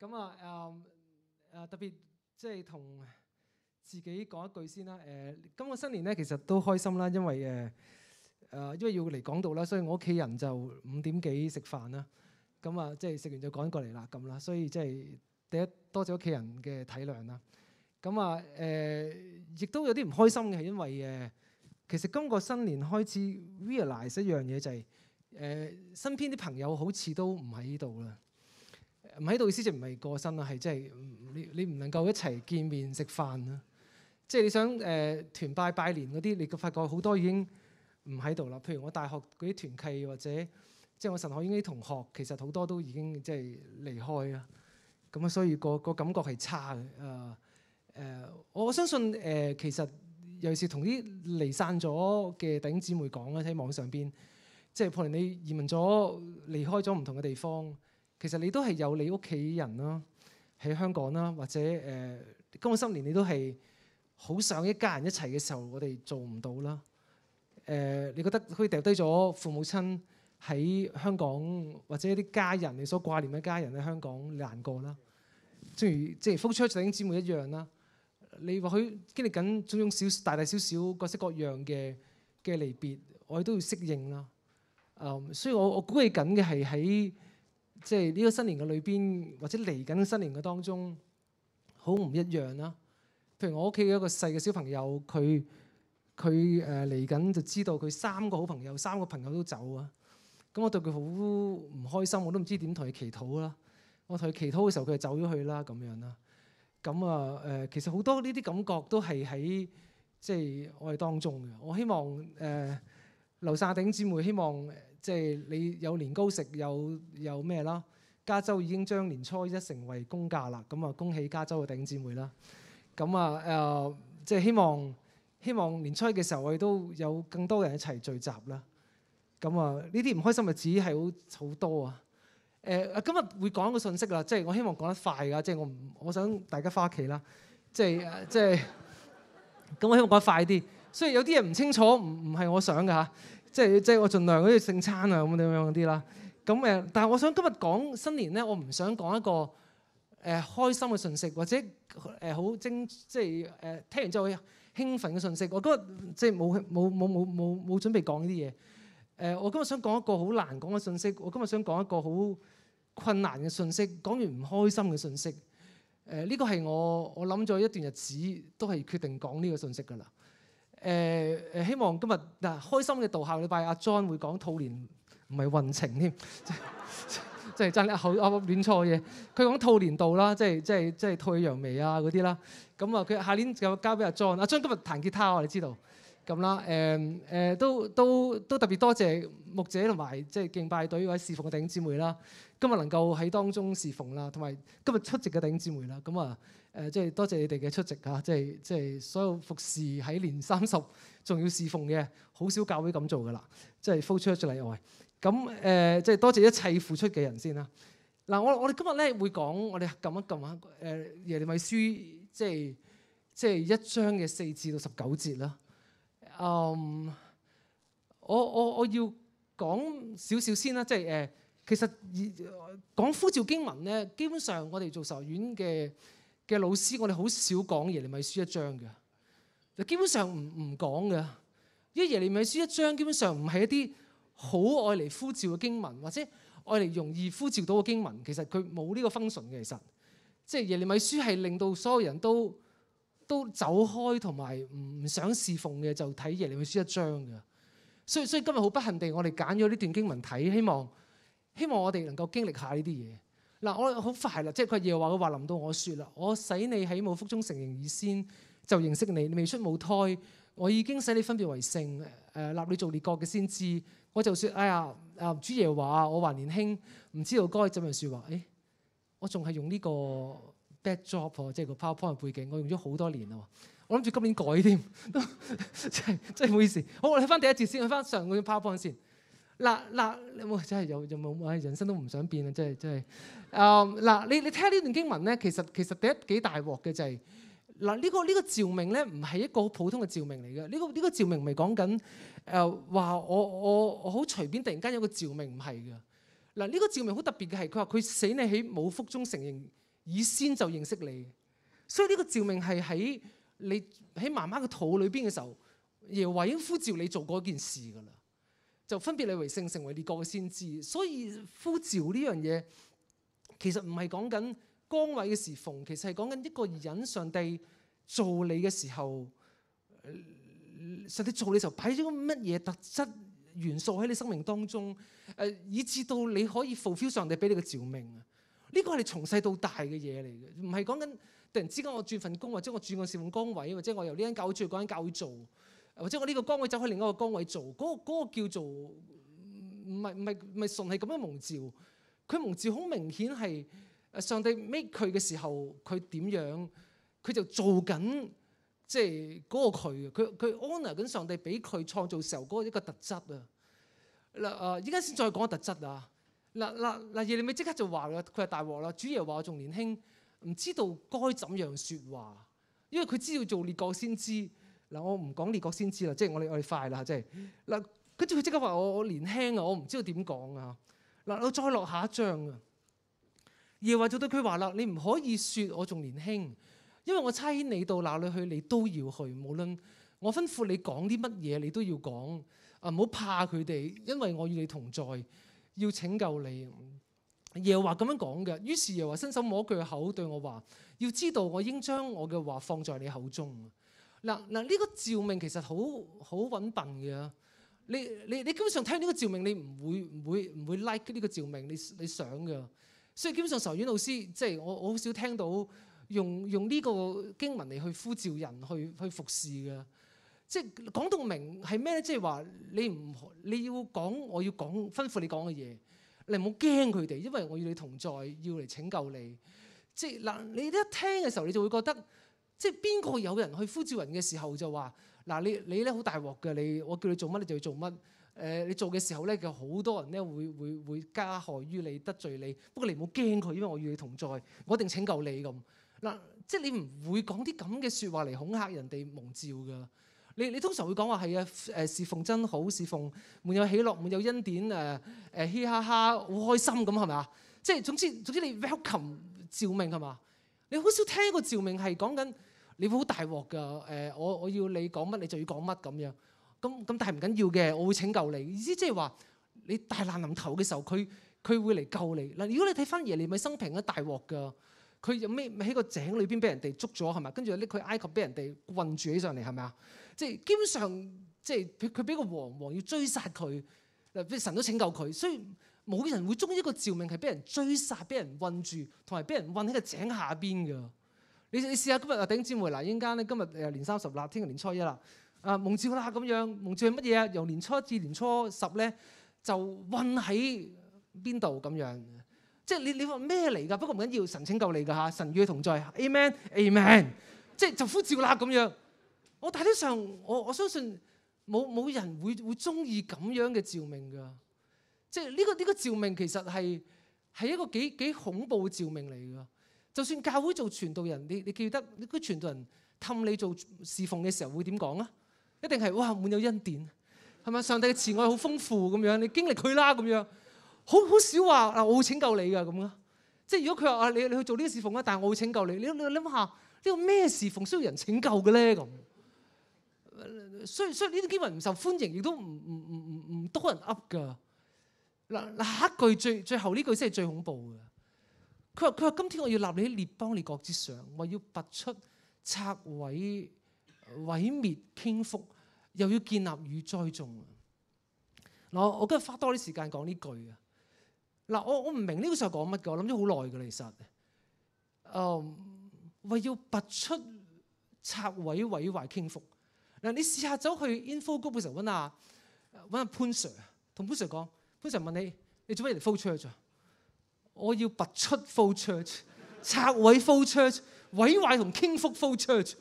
咁啊，誒誒、嗯、特別即係同自己講一句先啦。誒、呃，今個新年咧，其實都開心啦，因為誒誒、呃，因為要嚟講道啦，所以我屋企人就五點幾食飯啦。咁、嗯、啊，即係食完就趕過嚟啦，咁啦。所以即係第一多謝屋企人嘅體諒啦。咁、嗯、啊，誒、呃、亦都有啲唔開心嘅，係因為誒，其實今個新年開始 realize 一樣嘢就係、是、誒、呃，身邊啲朋友好似都唔喺呢度啦。唔喺度意思就唔係過身啦，係即係你你唔能夠一齊見面食飯啦。即係你想誒團拜拜年嗰啲，你發覺好多已經唔喺度啦。譬如我大學嗰啲團契或者即係我神學院啲同學，其實好多都已經即係離開啦。咁啊，所以個個感覺係差嘅。誒誒，我相信誒其實尤其是同啲離散咗嘅弟兄姊妹講啦，喺網上邊即係可能你移民咗，離開咗唔同嘅地方。其實你都係有你屋企人啦，喺香港啦，或者、呃、今個新年你都係好想一家人一齊嘅時候，我哋做唔到啦。誒、呃，你覺得可以掉低咗父母親喺香港，或者一啲家人你所掛念嘅家人喺香港，難過啦。正如即係 flow church 弟兄姊妹一樣啦，你或許經歷緊種種小大大小小各式各樣嘅嘅離別，我哋都要適應啦。嗯、呃，所以我我估計緊嘅係喺。即係呢個新年嘅裏邊，或者嚟緊新年嘅當中，好唔一樣啦。譬如我屋企嘅一個細嘅小朋友，佢佢誒嚟緊就知道佢三個好朋友三個朋友都走啊。咁我對佢好唔開心，我都唔知點同佢祈禱啦。我同佢祈禱嘅時候，佢就走咗去啦咁樣啦。咁啊誒，其實好多呢啲感覺都係喺即係我哋當中嘅。我希望誒流、呃、沙頂姊妹希望。即係你有年糕食，有有咩啦？加州已經將年初一成為公假啦，咁啊恭喜加州嘅頂姊妹啦！咁啊誒、呃，即係希望希望年初一嘅時候我哋都有更多人一齊聚集啦。咁啊呢啲唔開心嘅事係好好多啊！誒、呃、今日會講一個信息啦，即係我希望講得快㗎，即係我唔我想大家翻屋企啦，即係即係咁我希望講講快啲，雖然有啲嘢唔清楚，唔唔係我想嘅嚇。即係即係我盡量嗰啲聖餐啊，咁樣嗰啲啦。咁誒，但係我想今日講新年咧，我唔想講一個誒、呃、開心嘅信息，或者誒好精，即係誒、呃、聽完之後會興奮嘅信息。我今日即係冇冇冇冇冇冇準備講呢啲嘢。誒、呃，我今日想講一個好難講嘅信息。我今日想講一個好困難嘅信息，講完唔開心嘅信息。誒、這個，呢個係我我諗咗一段日子，都係決定講呢個信息㗎啦。誒誒、呃，希望今日嗱、啊，開心嘅度下禮拜，阿、啊、John 會講兔年唔係運程添，即係即係真係好惡亂錯嘢。佢講兔年度啦，即係即係即係兔揚眉啊嗰啲啦。咁啊，佢下年就交俾阿、啊、John、啊。阿 John 今日彈吉他、啊，我哋知道咁啦。誒、啊、誒、啊啊啊，都都都特別多謝牧者同埋即係敬拜隊嗰位侍奉嘅弟兄姊妹啦。今日能夠喺當中侍奉啦，同埋今日出席嘅弟兄姊妹啦。咁啊～、嗯啊誒，即係多謝你哋嘅出席嚇，即係即係所有服侍喺年三十仲要侍奉嘅，好少教會咁做噶啦，即係 flow church 例外。咁誒，即係多謝一切付出嘅人先啦。嗱，我我哋今日咧會講我哋撳一撳啊誒，耶利米書即係即係一章嘅四至到十九節啦。嗯，我我我要講少少先啦，即係誒，其實講呼召經文咧，基本上我哋做神學院嘅嘅老師，我哋好少講耶利米書一章嘅，基本上唔唔講嘅。因為耶利米書一章基本上唔係一啲好愛嚟呼召嘅經文，或者愛嚟容易呼召到嘅經文，其實佢冇呢個 function 嘅。其實即係耶利米書係令到所有人都都走開同埋唔想侍奉嘅，就睇耶利米書一章嘅。所以所以今日好不幸地，我哋揀咗呢段經文睇，希望希望我哋能夠經歷下呢啲嘢。嗱，我好快啦，即係耶和華嘅話：佢話臨到我説啦，我使你喺母腹中成形以先就認識你，你未出母胎，我已經使你分別為聖，誒、呃、立你做列國嘅先知。我就説：哎呀，誒、啊、主耶和華，我還年輕，唔知道該怎樣説話。誒、哎，我仲係用呢個 backdrop 即係個 PowerPoint 背景，我用咗好多年啦。我諗住今年改添， 真係真係唔好意思。好，我睇翻第一節先，睇翻上個 PowerPoint 先。嗱嗱，冇真係有有冇啊！人生都唔想變啊！真係真係。啊、um, 嗱，你你聽下呢段經文咧，其實其實第一幾大鑊嘅就係嗱呢個呢、這個召命咧，唔係一個普通嘅召命嚟嘅。呢、這個呢、這個召命咪講緊誒話我我我好隨便，突然間有個召命唔係嘅。嗱、這、呢個召命好特別嘅係，佢話佢死你喺母腹中成形，以先就認識你。所以呢個召命係喺你喺媽媽嘅肚裏邊嘅時候，耶華已經呼召你做嗰件事㗎啦。就分別你為聖，成為列國嘅先知，所以呼召呢樣嘢其實唔係講緊崗位嘅事奉，其實係講緊一個人上帝造你嘅時候，上帝造你時候擺咗個乜嘢特質元素喺你生命當中，誒、呃、以至到你可以 fulfill 上帝俾你嘅召命啊！呢個係你從細到大嘅嘢嚟嘅，唔係講緊突然之間我轉份工，或者我轉個事奉崗位，或者我由呢間教會去嗰間教會做。或者我呢個崗位走去另一個崗位做，嗰個嗰個叫做唔係唔係唔係純係咁樣蒙召。佢蒙召好明顯係誒上帝 make 佢嘅時候，佢點樣佢就做緊即係嗰個佢佢佢 honour 緊上帝俾佢創造時候嗰一個特質啊。嗱啊依家先再講個特質啊。嗱嗱嗱耶利米即刻就話啦，佢係大鑊啦。主耶穌話我仲年輕，唔知道該怎樣説話，因為佢知道做列國先知。嗱，我唔講列國先知啦，即係我哋我哋快啦，即係嗱，跟住佢即刻話我我年輕啊，我唔知道點講啊。嗱，我再落下一章啊。耶和華就對佢話啦：你唔可以說我仲年輕，因為我差遣你到哪裡去，你都要去。無論我吩咐你講啲乜嘢，你都要講。啊，唔好怕佢哋，因為我與你同在，要拯救你。耶和華咁樣講嘅。於是耶和華伸手摸佢口，對我話：要知道我應將我嘅話放在你口中。嗱嗱，呢個召命其實好好搵笨嘅，你你你基本上聽呢個召命、like，你唔會唔會唔會 like 呢個召命，你你想嘅。所以基本上仇員老師即係、就是、我我好少聽到用用呢個經文嚟去呼召人去去服侍嘅。即係講到明係咩咧？即係話你唔你要講，我要講吩咐你講嘅嘢。你唔好驚佢哋，因為我要你同在，要嚟拯救你。即係嗱，你一聽嘅時候，你就會覺得。即係邊個有人去呼召人嘅時候，就話，嗱，你你咧，好大鑊㗎，你我叫你做乜，你就要做乜，誒、呃、你做嘅時候咧，有好多人咧，會會會加害於你得罪你，你不過你唔好驚佢，因為我與你同在，我一定拯救你。咁嗱，即係你唔會講啲咁嘅説話嚟恐嚇人哋蒙召㗎。你你通常會講話係啊，誒侍奉真好侍奉沒有喜樂沒有恩典誒誒、呃、嘻哈哈好開心，咁係咪啊？即係總之總之你 welcome 召命係嘛，你好少聽過召命係講緊。你會好大鑊㗎，誒，我我要你講乜，你就要講乜咁樣。咁咁但係唔緊要嘅，我會拯救你。意思即係話你大難臨頭嘅時候，佢佢會嚟救你。嗱，如果你睇翻耶利米生平咧，大鑊㗎，佢有咩喺個井裏邊俾人哋捉咗係咪？跟住拎佢埃及俾人哋困住起上嚟係咪啊？即係基本上即係佢佢俾個王王要追殺佢，嗱，神都拯救佢。所以冇人會鍾意一個召命係俾人追殺、俾人困住，同埋俾人困喺個井下邊㗎。你你試下今日又弟兄姊妹嗱，依家咧今日又年三十啦，聽日年初一啦，啊、呃、蒙召啦咁樣，蒙召係乜嘢啊？由年初至年初十咧，就混喺邊度咁樣？即係你你話咩嚟㗎？不過唔緊要緊，神拯救你㗎嚇，神與你同在，Amen，Amen。Amen, Amen, 即係就呼召啦咁樣。我大體上，我我相信冇冇人會會中意咁樣嘅召命㗎。即係、這、呢個呢、這個召命其實係係一個幾幾恐怖召命嚟㗎。就算教會做傳道人，你你記得，啲傳道人氹你做侍奉嘅時候會點講啊？一定係哇滿有恩典，係咪？上帝嘅慈愛好豐富咁樣，你經歷佢啦咁樣，好好少話嗱，我會拯救你噶咁樣。即係如果佢話啊，你你去做呢個侍奉啊，但係我會拯救你。你你諗下呢個咩侍奉需要人拯救嘅咧？咁，雖雖然呢啲經文唔受歡迎，亦都唔唔唔唔唔多人噏噶。嗱嗱，一句最最，最後呢句先係最恐怖嘅。佢話：佢話今天我要立你喺列邦列國之上，為要拔出拆毀毀滅傾覆，又要建立與栽種。嗱，我我今日花多啲時間講呢句啊。嗱，我我唔明呢個時候講乜㗎，我諗咗好耐㗎，其實。嗯、呃，為要拔出拆毀毀壞傾覆。嗱，你試下走去，去 info group 嘅時候揾下揾下潘 Sir，同潘 Sir 講，潘 Sir 問你：你做咩嚟 info 出去咗？我要拔出 flow church，拆毀 flow church，毀壞同傾覆 flow church。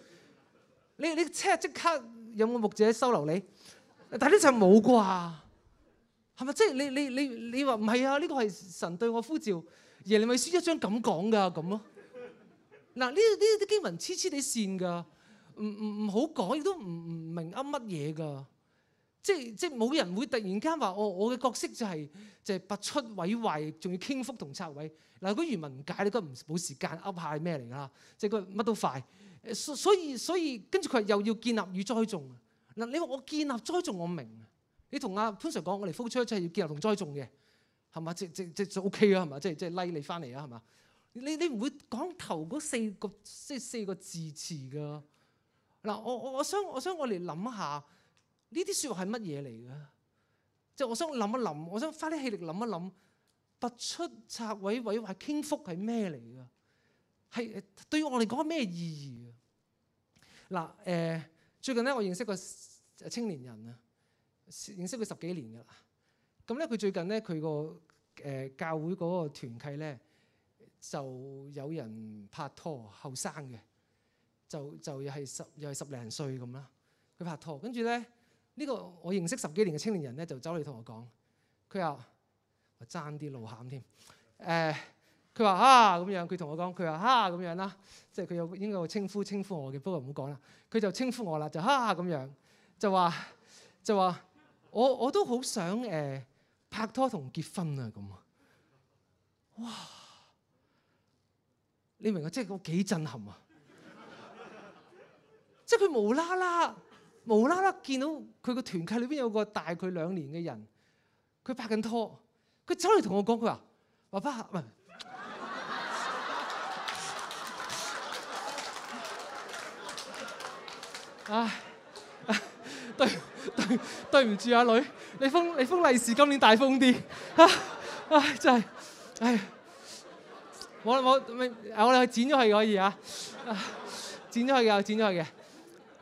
你你即刻即刻有冇牧者收留你？但呢就冇、是、啩，係咪？即係你你你你話唔係啊？呢、這個係神對我呼召。耶利米書一章咁講㗎咁咯。嗱呢呢啲經文黐黐哋線㗎，唔唔唔好講，亦都唔唔明噏乜嘢㗎。即係即係冇人會突然間話我我嘅角色就係就係拔出毀壞，仲要傾覆同拆毀。嗱，如果原文唔解你都唔冇時間噏下係咩嚟噶啦。即係佢乜都快，所以所以跟住佢又要建立與栽種。嗱，你話我建立栽種我明。你同阿潘 Sir 講，我嚟 flow church 即係要建立同栽種嘅，係嘛？即即即就 OK 啊，係嘛？即即拉你翻嚟啊，係嘛？你你唔會講頭嗰四個即四個字詞噶？嗱，我我我想我想我嚟諗下。呢啲説話係乜嘢嚟嘅？即係我想諗一諗，我想花啲氣力諗一諗，拔出、拆毀、毀壞、傾覆係咩嚟嘅？係對於我嚟講咩意義？嗱，誒、呃，最近咧我認識個青年人啊，認識佢十幾年嘅啦。咁咧佢最近咧佢個誒教會嗰個團契咧就有人拍拖，後生嘅，就就又係十又係十零歲咁啦。佢拍拖，跟住咧。呢、呢個我認識十幾年嘅青年人咧，就走嚟同我講，佢又爭啲路喊添。誒，佢、欸、話啊咁樣，佢同我講，佢話啊咁樣啦，即係佢有應該會稱呼稱呼我嘅，不過唔好講啦。佢就稱呼我啦，就哈咁、啊、樣，就話就話我我都好想誒、欸、拍拖同結婚啊咁啊！哇！你明即我即係我幾震撼啊 即！即係佢無啦啦。無啦啦見到佢個團契裏邊有個大佢兩年嘅人，佢拍緊拖，佢走嚟同我講：佢話爸爸，唔係，唉，對對對唔住阿女，你封你封利是，今年大封啲，啊，唉真係，唉，我我咁樣，我哋剪咗佢可以啊，剪咗佢嘅，剪咗佢嘅。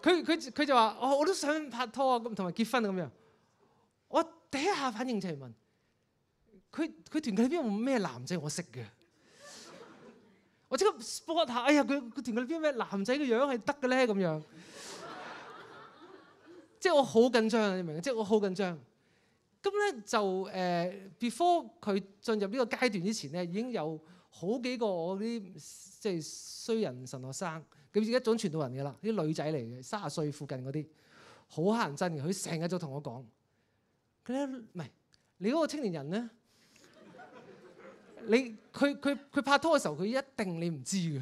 佢佢佢就話：我、哦、我都想拍拖咁，同埋結婚啊咁樣。我第一下反應就係問：佢佢團契裏邊有冇咩男仔我識嘅？ 我即刻 spot 下，哎呀，佢佢團契裏邊咩男仔嘅樣係得嘅咧咁樣。 即係我好緊張，你明？即係我好緊張。咁咧就誒、呃、before 佢進入呢個階段之前咧，已經有好幾個我啲即係衰人神學生。自己一仲傳到人嘅啦，啲女仔嚟嘅，卅歲附近嗰啲，好乞人憎嘅。佢成日就同我講：佢咧唔係，你嗰個青年人咧， 你佢佢佢拍拖嘅時候，佢一定你唔知嘅，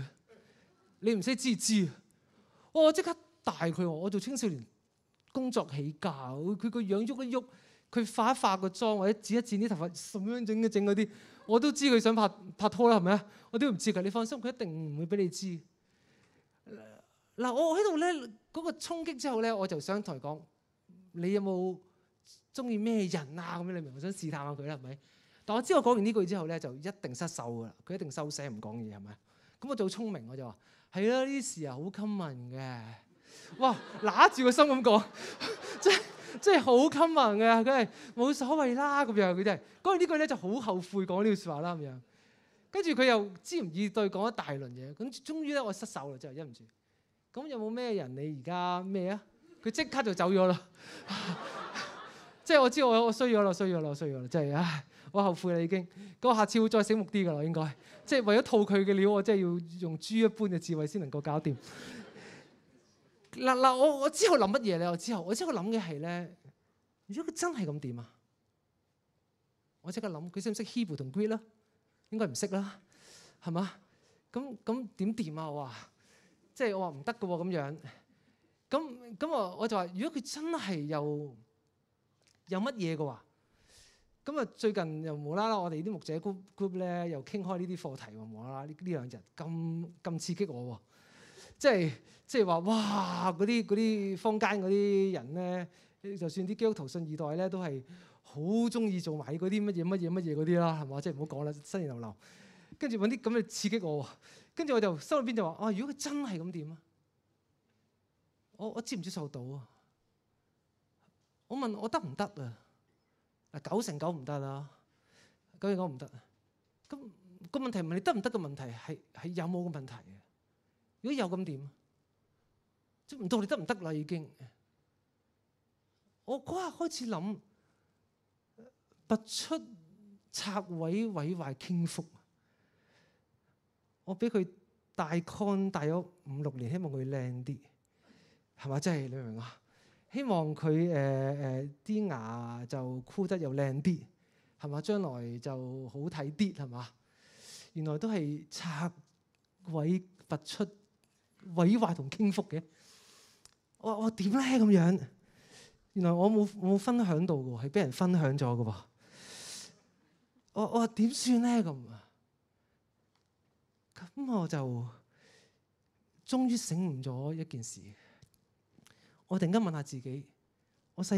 你唔識知知啊、哦？我即刻大佢，我做青少年工作起教，佢個樣喐一喐，佢化一化個妝或者剪一剪啲頭髮，咁樣整一整嗰啲，我都知佢想拍拍拖啦，係咪啊？我都唔知㗎，你放心，佢一定唔會俾你知。嗱，我喺度咧嗰個衝擊之後咧，我就想同佢講，你有冇中意咩人啊？咁樣你明？我想試探下佢啦，係咪？但我知我講完呢句之後咧，就一定失手㗎啦。佢一定收聲唔講嘢，係咪？咁我做聰明，我就話係啦，呢啲事啊好襟問嘅。哇，揦住個心咁講，即係即係好襟問嘅。佢係冇所謂啦咁樣，佢真係講完呢句咧就好後悔講呢句說話啦咁樣。跟住佢又知唔易對講一大輪嘢，咁終於咧我失手啦，真係忍唔住。咁有冇咩人？你而家咩啊？佢即刻就走咗啦！即係我知我我衰咗啦，衰咗啦，衰咗啦！真係唉，我後悔啦已經。咁我下次會再醒目啲噶啦，應該。即係為咗套佢嘅料，我真係要用豬一般嘅智慧先能夠搞掂。嗱嗱，我我之後諗乜嘢咧？我之後我之後諗嘅係咧，如果佢真係咁掂啊？我即刻諗佢識唔識 Hebrew 同 Greek 咧？應該唔識啦，係嘛？咁咁點掂啊？我話。即係我話唔得嘅，咁樣，咁咁我我就話，如果佢真係又有乜嘢嘅話，咁啊最近又無啦啦，我哋啲牧者 group group 咧，又傾開呢啲課題喎，無啦啦呢呢兩日咁咁刺激我，即係即係話哇嗰啲啲坊間嗰啲人咧，就算啲基督徒信二代咧都係好中意做埋啲乜嘢乜嘢乜嘢嗰啲啦，係嘛？即係唔好講啦，新年流流，跟住搵啲咁嘅刺激我。跟住我就心入邊就話，哦、啊，如果佢真係咁點啊？我我接唔接受到啊？我問我得唔得啊？嗱，九成九唔得啦。九成九唔得？咁個問題問你得唔得嘅問題，係係有冇嘅問題。如果有咁點？唔到你得唔得啦？已經。我嗰日開始諗，拔出拆毀毀壞傾覆。我俾佢大 con 戴咗五六年，希望佢靚啲，係嘛？真係你明啊？希望佢誒誒啲牙就箍得又靚啲，係嘛？將來就好睇啲，係嘛？原來都係拆毀拔出毀壞同傾覆嘅。我我點咧咁樣？原來我冇冇分享到㗎喎，係俾人分享咗㗎喎。我我點算咧咁咁我就終於醒悟咗一件事。我突然間問下自己我哈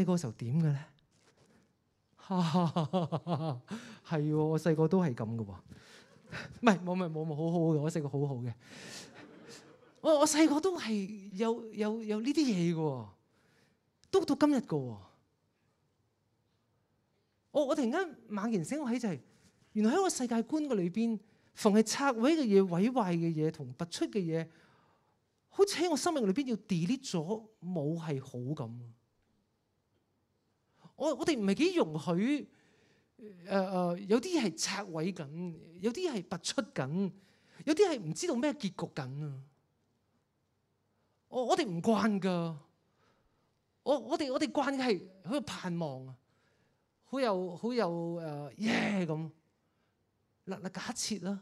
哈哈哈哈哈，我細個時候點嘅咧？係喎，我細個都係咁嘅喎。唔係，冇冇冇，好好嘅，我細個好好嘅。我我細個都係有有有呢啲嘢嘅，都到今日嘅，啊。我我突然間猛然醒我起就係，原來喺個世界觀嘅裏邊。逢係拆毀嘅嘢、毀壞嘅嘢同拔出嘅嘢，好似喺我生命裏邊要 delete 咗，冇係好咁。我我哋唔係幾容許，誒、呃、誒，有啲係拆毀緊，有啲係拔出緊，有啲係唔知道咩結局緊啊！我我哋唔慣噶，我我哋我哋慣嘅係好有盼望啊，好有好有誒耶咁。呃 yeah, 嗱嗱，假設啦，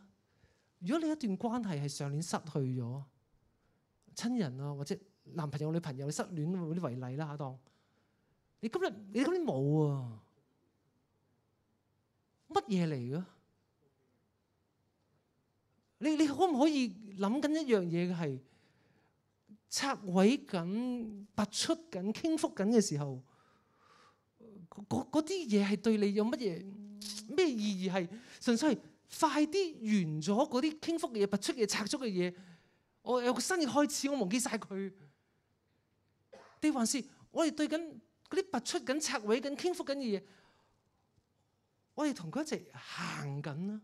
如果你一段關係係上年失去咗親人啊，或者男朋友、女朋友失戀嗰啲為例啦，當你今日你今年冇啊，乜嘢嚟嘅？你你可唔可以諗緊一樣嘢係拆毀緊、拔出緊、傾覆緊嘅時候，嗰嗰嗰啲嘢係對你有乜嘢咩意義係純粹係？快啲完咗嗰啲傾覆嘅嘢、拔出嘅嘢、拆咗嘅嘢，我有個新嘅開始，我忘記晒佢。定還是我哋對緊嗰啲拔出緊、拆毀緊、傾覆緊嘅嘢，我哋同佢一直行緊啦。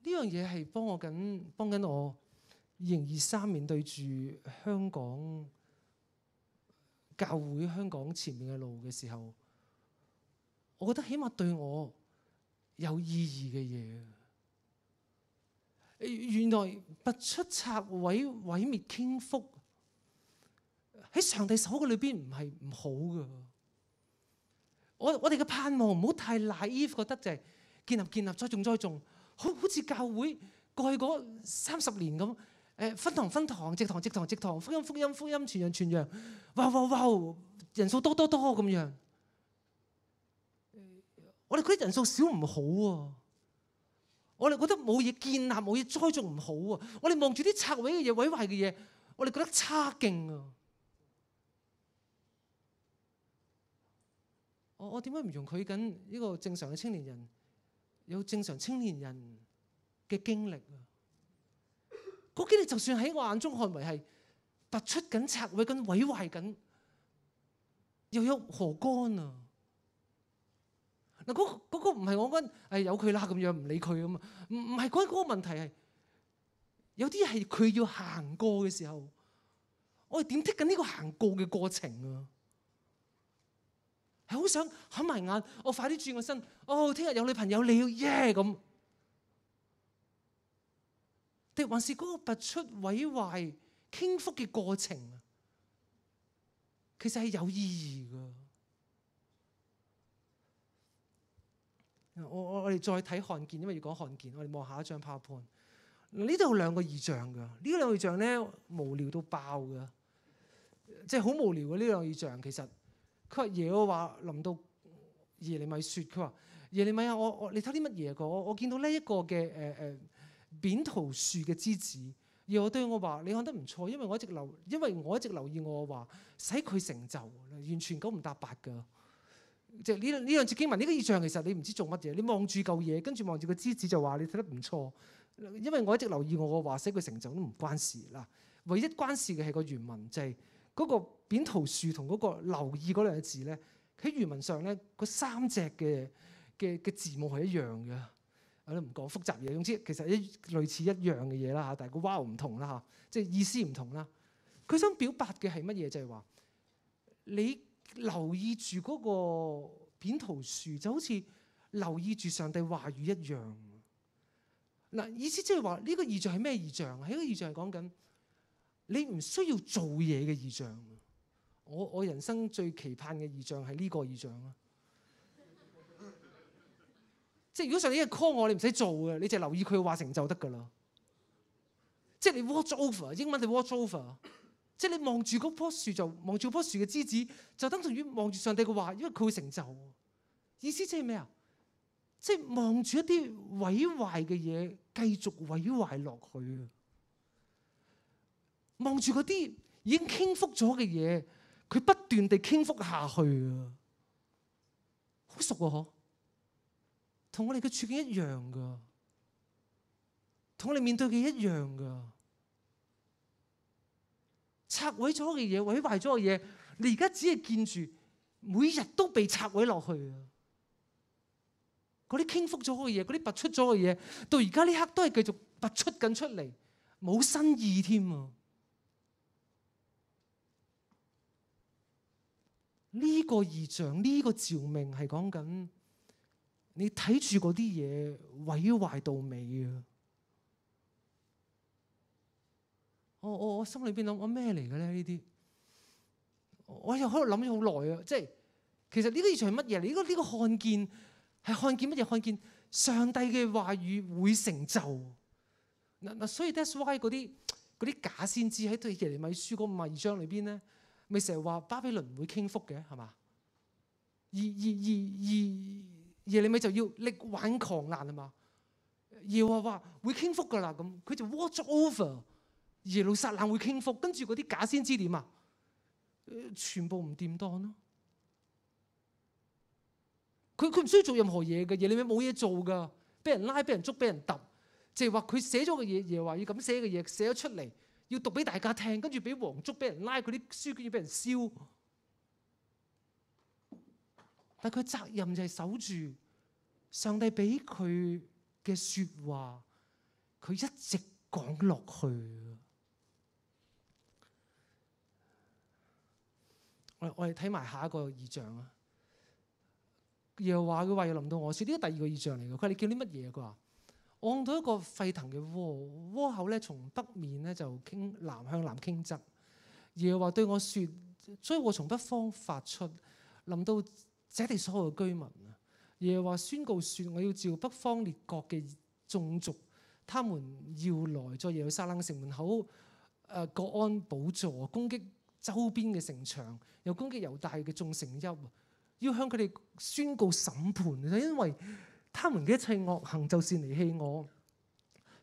呢樣嘢係幫我緊，幫緊我二零二三面對住香港。教會香港前面嘅路嘅時候，我覺得起碼對我有意義嘅嘢，原來拔出拆毀、毀滅傾覆喺上帝手嘅裏邊唔係唔好嘅。我我哋嘅盼望唔好太 naive，覺得就係建，建立、建立栽種栽種，好好似教會過去嗰三十年咁。誒分堂分堂，直堂直堂直堂，福音福音福音，傳人、傳揚，哇哇哇，人數多多多咁樣。呃、我哋、啊、覺得人數少唔好喎、啊，我哋覺得冇嘢建立冇嘢栽種唔好喎，我哋望住啲拆毀嘅嘢、毀壞嘅嘢，我哋覺得差勁啊！我我點解唔容許緊呢個正常嘅青年人有正常青年人嘅經歷？嗰幾年就算喺我眼中看為係突出緊、拆毀緊、毀壞緊，又有何干啊？嗱，嗰個唔係我講係由佢啦，咁樣唔理佢咁嘛？唔唔係講嗰個問題，係有啲係佢要行過嘅時候，我哋點剔緊呢個行過嘅過程啊？係好想瞌埋眼，我快啲轉個身，哦，聽日有女朋友你要耶咁。Yeah, 定還是嗰個拔出毀壞傾覆嘅過程，其實係有意義噶。我我我哋再睇看見，因為要講看見，我哋望下一張 PowerPoint。呢度有兩個異象噶，呢兩個異象咧無聊到爆噶，即係好無聊嘅呢兩個異象。其實佢話耶和華臨到耶利米説：佢話耶利米啊，我我你睇啲乜嘢㗎？我我，我見到呢一個嘅誒誒。呃呃扁桃樹嘅枝子，而我對我話：你看得唔錯，因為我一直留，因為我一直留意我嘅話，使佢成就，完全九唔搭八㗎。即係呢呢兩節經文呢個意象，其實你唔知做乜嘢，你望住嚿嘢，跟住望住個枝子就話你睇得唔錯，因為我一直留意我嘅話，使佢成就都唔關事啦。唯一關事嘅係個原文，就係嗰個扁桃樹同嗰個留意嗰兩個字呢，喺原文上呢，嗰三隻嘅嘅嘅字母係一樣嘅。我都唔講複雜嘢，總之其實一類似一樣嘅嘢啦嚇，但係個 wow 唔同啦嚇，即係意思唔同啦。佢想表白嘅係乜嘢？就係、是、話你留意住嗰個扁桃樹，就好似留意住上帝話語一樣。嗱、嗯，意思即係話呢個意象係咩意象啊？呢個意象係講緊你唔需要做嘢嘅意象。我我人生最期盼嘅意象係呢個意象啊！即係如果上帝係 call 我，你唔使做嘅，你就留意佢話成就得㗎啦。即係你 watch over，英文係 watch over， 即係你望住嗰棵樹就望住棵樹嘅枝子，就等同於望住上帝嘅話，因為佢會成就。意思即係咩啊？即係望住一啲毀壞嘅嘢繼續毀壞落去啊！望住嗰啲已經傾覆咗嘅嘢，佢不斷地傾覆下去啊！好熟喎，呵～同我哋嘅處境一樣噶，同我哋面對嘅一樣噶，拆毀咗嘅嘢，毀壞咗嘅嘢，你而家只係見住每日都被拆毀落去啊！嗰啲傾覆咗嘅嘢，嗰啲拔出咗嘅嘢，到而家呢刻都係繼續拔出緊出嚟，冇新意添啊！呢個異象，呢個召命係講緊。你睇住嗰啲嘢毀壞到尾啊、哦！我我我心裏邊諗：我咩嚟嘅咧？呢啲我又喺度諗咗好耐啊！即係其實呢個意象係乜嘢嚟？呢、這個呢、這個看見係看見乜嘢？看見上帝嘅話語會成就嗱嗱，所以 that's why 嗰啲啲假先知喺耶利米書嗰五十二章裏邊咧，咪成日話巴比倫唔會傾覆嘅係嘛？二二二二。耶利米就要力挽狂瀾啊嘛！耶華話會傾覆噶啦咁，佢就 watch over 耶路撒冷會傾覆，跟住嗰啲假先知點啊、呃？全部唔掂當咯！佢佢唔需要做任何嘢嘅，耶利米冇嘢做噶，俾人拉，俾人捉，俾人揼，就係話佢寫咗嘅嘢，耶華話要咁寫嘅嘢寫咗出嚟，要讀俾大家聽，跟住俾王捉，俾人拉，嗰啲書卷要俾人燒。但佢責任就係守住上帝俾佢嘅説話，佢一直講落去。我我哋睇埋下一個異象啊！耶和華嘅話又臨到我，係呢個第二個異象嚟嘅。佢話：你叫啲乜嘢？佢話：我看到一個沸騰嘅窩，窩口咧從北面咧就傾南向南傾側。耶和華對我説：所以我從北方發出，臨到。這地所有嘅居民啊，耶和華宣告説：我要召北方列國嘅種族，他們要來在耶路撒冷城門口誒，各、呃、安保助攻擊周邊嘅城牆，又攻擊猶大嘅眾城邑，要向佢哋宣告審判。就因為他們嘅一切惡行，就是離棄我，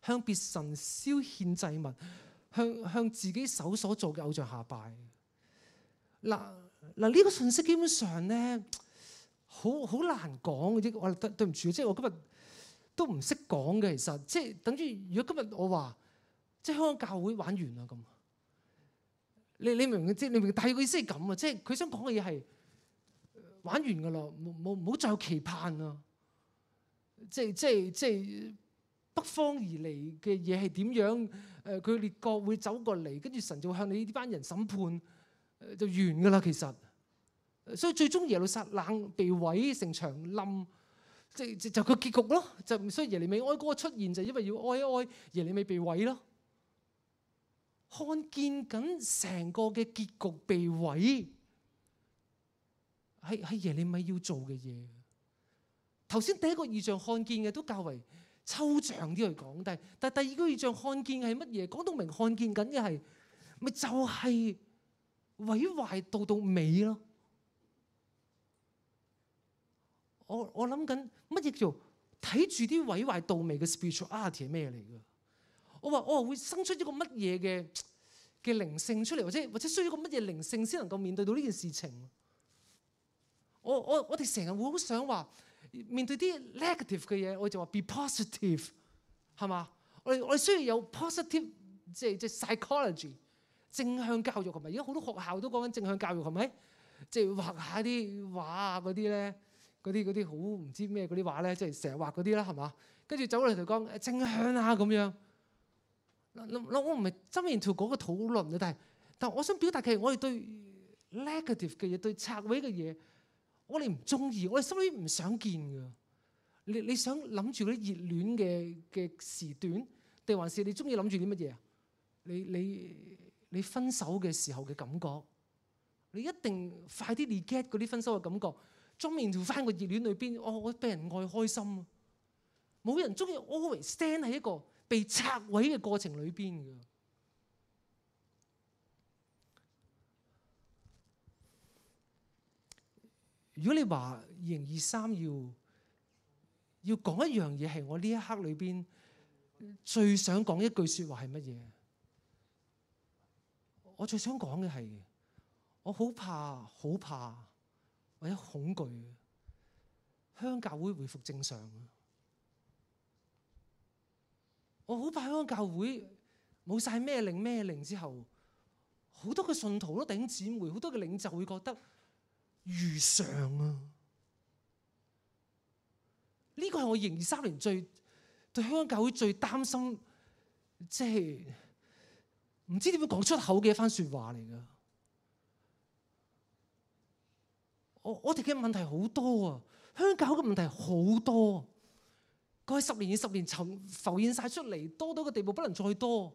向別神燒獻祭物，向向自己手所做嘅偶像下拜。嗱嗱，呢、這個信息基本上呢。好好難講嗰啲，我對唔住，即係我今日都唔識講嘅。其實即係等於，如果今日我話，即係香港教會玩完啦咁，你你明唔明？你明。大概意思係咁啊，即係佢想講嘅嘢係玩完㗎啦，冇冇冇再有期盼啊！即係即係即係北方而嚟嘅嘢係點樣？誒、呃，佢列國會走過嚟，跟住神就會向你呢班人審判，就完㗎啦。其實。所以最終耶路撒冷被毀，城牆冧，即就就個結局咯。就所以耶利米哀歌嘅出現就因為要哀哀耶利米被毀咯。看見緊成個嘅結局被毀，係係耶利米要做嘅嘢。頭先第一個異象看見嘅都較為抽象啲去講，但係但係第二個異象看見係乜嘢？講到明看見緊嘅係咪就係毀壞到到尾咯？我我諗緊乜嘢叫睇住啲毀壞到尾嘅 spirituality 係咩嚟㗎？我話我話會生出一個乜嘢嘅嘅靈性出嚟，或者或者需要一個乜嘢靈性先能夠面對到呢件事情？我我我哋成日會好想話面對啲 negative 嘅嘢，我就話 be positive 係嘛？我哋我哋需要有 positive 即係即係 psychology 正向教育係咪？而家好多學校都講緊正向教育係咪？即係、就是、畫下啲畫啊嗰啲咧。嗰啲啲好唔知咩嗰啲畫咧，即係成日畫嗰啲啦，係嘛？跟住走過嚟就講正向啊咁樣。嗱嗱嗱，我唔係針住條嗰個討論啊，但係但係，我想表達嘅係我哋對 negative 嘅嘢，對拆毀嘅嘢，我哋唔中意，我哋心裏唔想見嘅。你你想諗住嗰啲熱戀嘅嘅時段，定還是你中意諗住啲乜嘢？你你你分手嘅時候嘅感覺，你一定快啲 reject 嗰啲分手嘅感覺。裝麵條翻個熱戀裏邊，我我俾人愛開心、啊，冇人中意。Always stand 係一個被拆毀嘅過程裏邊嘅。如果你話二零二三要要講一樣嘢，係我呢一刻裏邊最想講一句説話係乜嘢？我最想講嘅係我好怕，好怕。我有恐懼，香港教會回復正常啊！我好怕香港教會冇晒咩令，咩令之後，好多嘅信徒咯、弟兄姊妹，好多嘅領袖會覺得如常啊！呢、這個係我二三年最對香港教會最擔心，即係唔知點樣講出口嘅一番説話嚟㗎。我哋嘅問題好多啊，香港嘅問題好多，過去十年二十年浮浮現晒出嚟，多到個地步不能再多。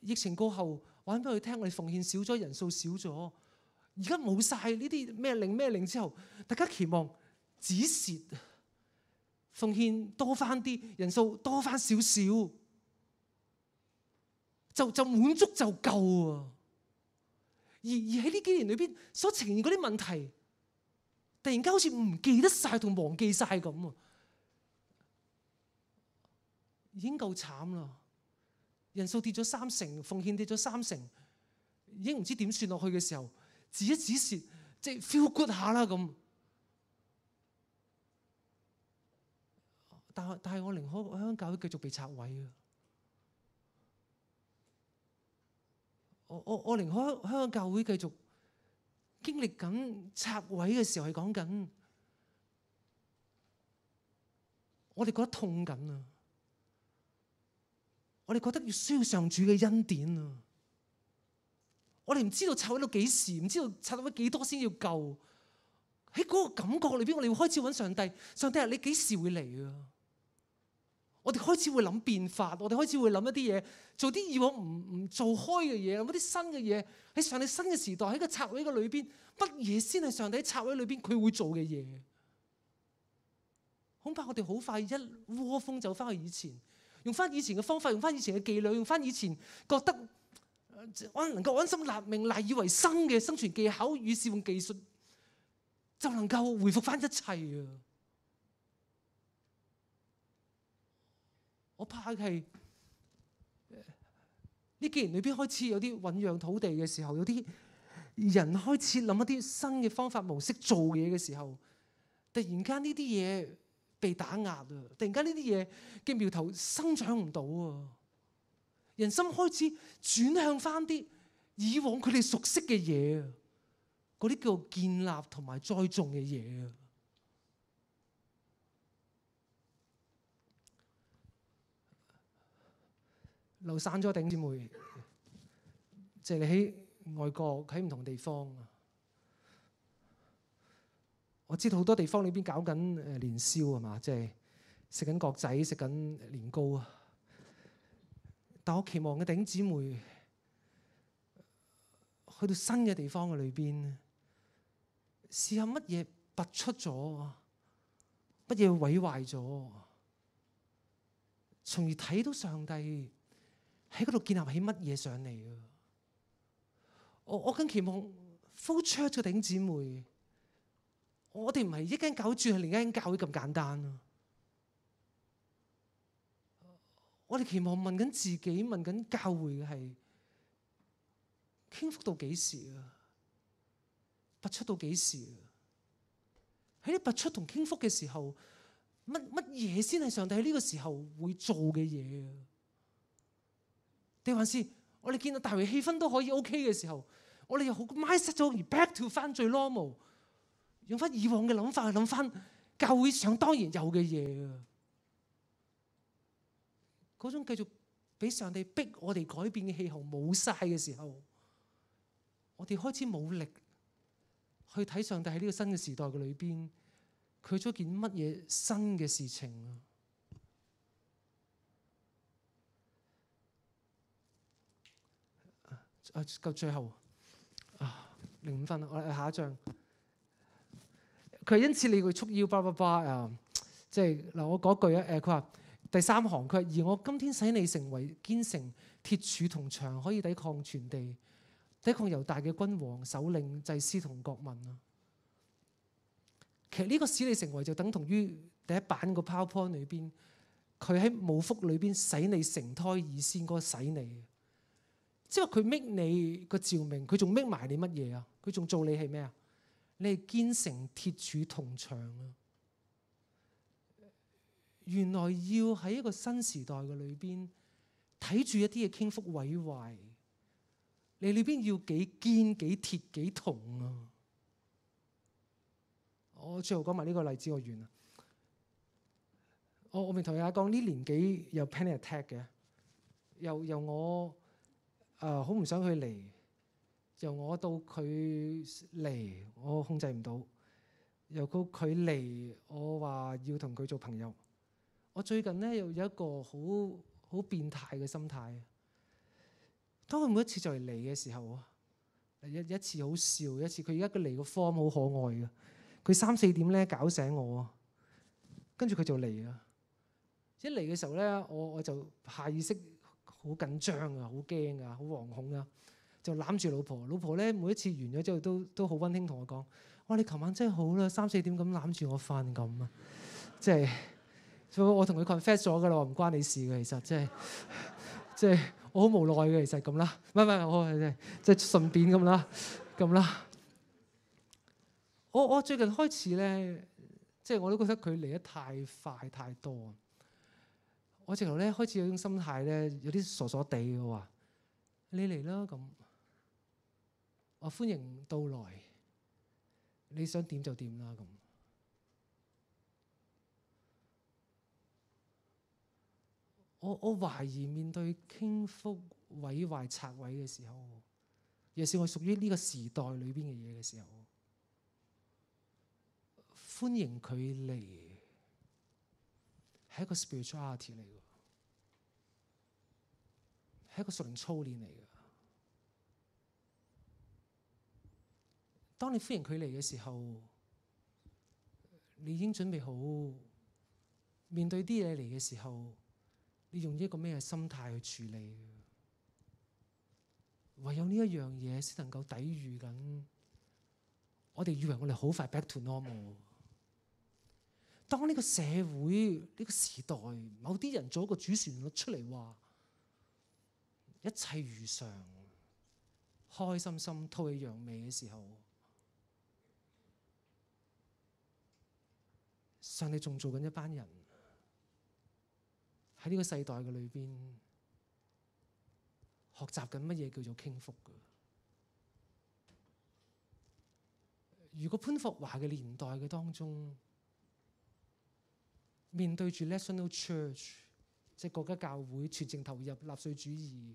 疫情過後，我講俾佢聽，我哋奉獻少咗，人數少咗，而家冇晒呢啲咩令。咩令之後，大家期望只係奉獻多返啲，人數多返少少，就就滿足就夠啊。而而喺呢幾年裏邊，所呈現嗰啲問題，突然間好似唔記得晒同忘記曬咁，已經夠慘啦！人數跌咗三成，奉獻跌咗三成，已經唔知點算落去嘅時候，止一止蝕，就是即係 feel good 下啦咁。但係但係我寧可香港教會繼續被拆毀啊！我我我，寧可香港教會繼續經歷緊拆毀嘅時候，係講緊，我哋覺得痛緊啊！我哋覺得要需要上主嘅恩典啊！我哋唔知道拆毀到幾時，唔知道拆到幾多先至夠。喺嗰個感覺裏邊，我哋會開始揾上帝。上帝啊，你幾時會嚟啊？我哋開始會諗變化，我哋開始會諗一啲嘢，做啲以往唔唔做開嘅嘢，諗一啲新嘅嘢，喺上帝新嘅時代，喺個拆毀嘅裏邊，乜嘢先係上帝喺拆毀裏邊佢會做嘅嘢？恐怕我哋好快一窩蜂走翻去以前，用翻以前嘅方法，用翻以前嘅伎倆，用翻以前覺得安能夠安心立命賴以為生嘅生存技巧與使用技術，就能夠回復翻一切啊！我怕係呢幾年裏邊開始有啲醞釀土地嘅時候，有啲人開始諗一啲新嘅方法模式做嘢嘅時候，突然間呢啲嘢被打壓啊！突然間呢啲嘢嘅苗頭生長唔到啊！人心開始轉向翻啲以往佢哋熟悉嘅嘢啊，嗰啲叫建立同埋栽種嘅嘢啊！流散咗頂姊妹，即係喺外國喺唔同地方。我知道好多地方裏邊搞緊誒年宵係嘛？即係食緊角仔、食緊年糕啊。但我期望嘅頂姊妹去到新嘅地方嘅裏邊，試下乜嘢拔出咗，乜嘢毀壞咗，從而睇到上帝。喺嗰度建立起乜嘢上嚟啊！我我更期望 flow church 嘅頂姊妹，我哋唔係一間教會主，係另一間教會咁簡單咯。我哋期望問緊自己，問緊教會係傾覆到幾時啊？拔出到幾時啊？喺啲拔出同傾覆嘅時候，乜乜嘢先係上帝喺呢個時候會做嘅嘢啊？定還是我哋見到大圍氣氛都可以 OK 嘅時候，我哋又好 mindset 咗 back to 翻最 normal，用翻以往嘅諗法去諗翻教會想當然有嘅嘢啊！嗰種繼續俾上帝逼我哋改變嘅氣候冇晒嘅時候，我哋開始冇力去睇上帝喺呢個新嘅時代嘅裏邊，佢做件乜嘢新嘅事情啊！啊，夠最後啊，零五分啦，我哋下一張。佢因此你會束腰，巴巴巴啊！即係嗱，我講句啊，誒，佢話第三行，佢話而我今天使你成為堅城鐵柱同牆，可以抵抗全地，抵抗猶大嘅君王、首領、祭司同國民啊。其實呢個使你成為就等同於第一版個 PowerPoint 裏邊，佢喺母腹裏邊使你成胎以先嗰個使你。即係佢搣你個照明，佢仲搣埋你乜嘢啊？佢仲做你係咩啊？你係堅城鐵柱銅牆啊！原來要喺一個新時代嘅裏邊睇住一啲嘅傾覆毀壞，你裏邊要幾堅幾鐵幾銅啊！我最後講埋呢個例子，我完啊。我我咪同大家講呢年紀有 panic attack 嘅，又由我。誒好唔想佢嚟，由我到佢嚟，我控制唔到。由佢佢嚟，我話要同佢做朋友。我最近咧又有一個好好變態嘅心態。當佢每一次就嚟嘅時候，一一,一次好笑，一次佢而家佢嚟個 form 好可愛嘅。佢三四點咧搞醒我，跟住佢就嚟啦！一嚟嘅時候咧，我我就下意識。好緊張啊！好驚啊！好惶恐啊！就攬住老婆，老婆咧每一次完咗之後都都好溫馨，同我講：哇！你琴晚真係好啦，三四點咁攬住我瞓咁啊！即係我同佢 confess 咗㗎啦，唔關你事嘅，其實即係即係我好無奈嘅，其實咁啦，唔係唔係，我係即係順便咁啦，咁啦。我我最近開始咧，即係我都覺得佢嚟得太快太多。我直頭咧開始有種心態咧，有啲傻傻地嘅話：你嚟啦咁，我、啊、歡迎到來。你想點就點啦咁。我我懷疑面對傾覆、毀壞、拆毀嘅時候，尤其是我屬於呢個時代裏邊嘅嘢嘅時候，歡迎佢嚟。係一個 spirituality 嚟㗎，係一個屬靈操練嚟㗎。當你歡迎佢嚟嘅時候，你已經準備好面對啲嘢嚟嘅時候，你用一個咩心態去處理？唯有呢一樣嘢先能夠抵禦緊。我哋以為我哋好快 back to normal。 當呢個社會、呢、呢個時代，某啲人做一個主旋律出嚟話一切如常，開開心心、吐氣揚眉嘅時候，上帝仲做緊一班人喺呢個世代嘅裏邊學習緊乜嘢叫做傾覆？如果潘霍華嘅年代嘅當中，面對住 National Church，即係國家教會，全程投入納粹主義。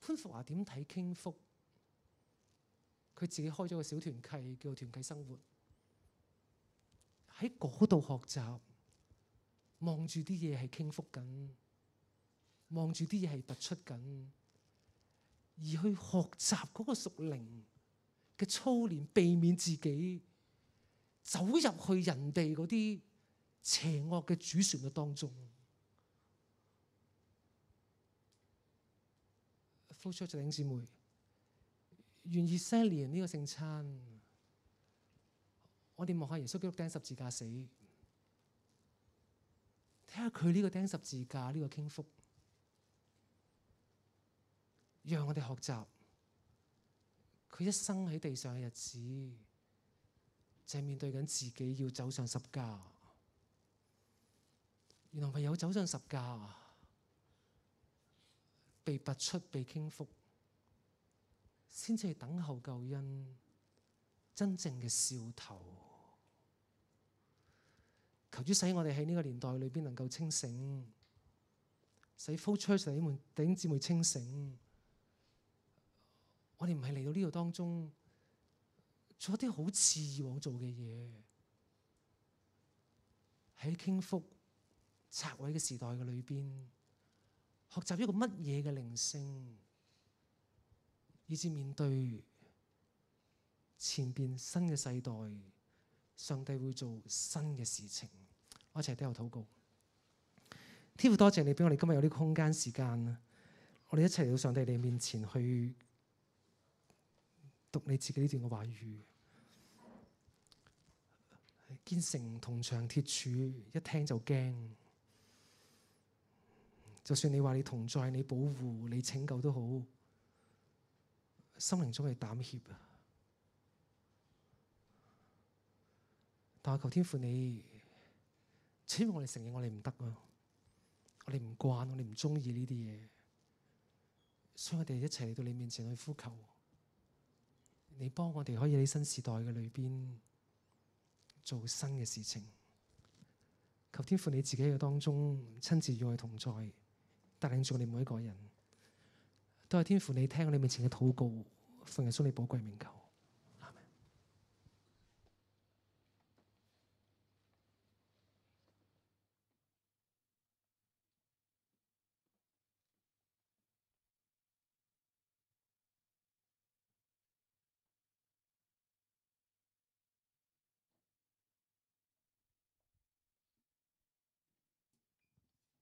潘福華點睇傾覆？佢自己開咗個小團契，叫團契生活。喺嗰度學習，望住啲嘢係傾覆緊，望住啲嘢係突出緊，而去學習嗰個屬靈嘅操練，避免自己。走入去人哋嗰啲邪惡嘅主船嘅當中。富足嘅弟兄姊妹，願意三年呢個聖餐，我哋望下耶穌基督釘十字架死，睇下佢呢個釘十字架呢個傾覆，讓我哋學習佢一生喺地上嘅日子。正面對緊自己要走上十架，原來唯有走上十架，被拔出、被傾覆，先至係等候救恩。真正嘅笑頭，求主使我哋喺呢個年代裏邊能夠清醒，使 flow church 弟兄姊妹清醒。我哋唔係嚟到呢度當中。做一啲好似以往做嘅嘢，喺傾覆拆毀嘅時代嘅裏邊，學習一個乜嘢嘅靈性，以至面對前邊新嘅世代，上帝會做新嘅事情。我一齊低頭禱告。天父，多謝你俾我哋今日有呢個空間時間啊！我哋一齊到上帝你面前去。讀你自己呢段嘅話語，堅城同牆鐵柱一聽就驚。就算你話你同在，你保護，你拯救都好，心靈中係膽怯啊！但係求天父你，你只因我哋承認我哋唔得啊，我哋唔慣，我哋唔中意呢啲嘢，所以我哋一齊嚟到你面前去呼求。你幫我哋可以喺新時代嘅裏面做新嘅事情。求天父你自己嘅當中親自與我同在，帶領住我哋每一個人。都係天父，你聽我哋面前嘅禱告，奉耶穌你寶貴名求。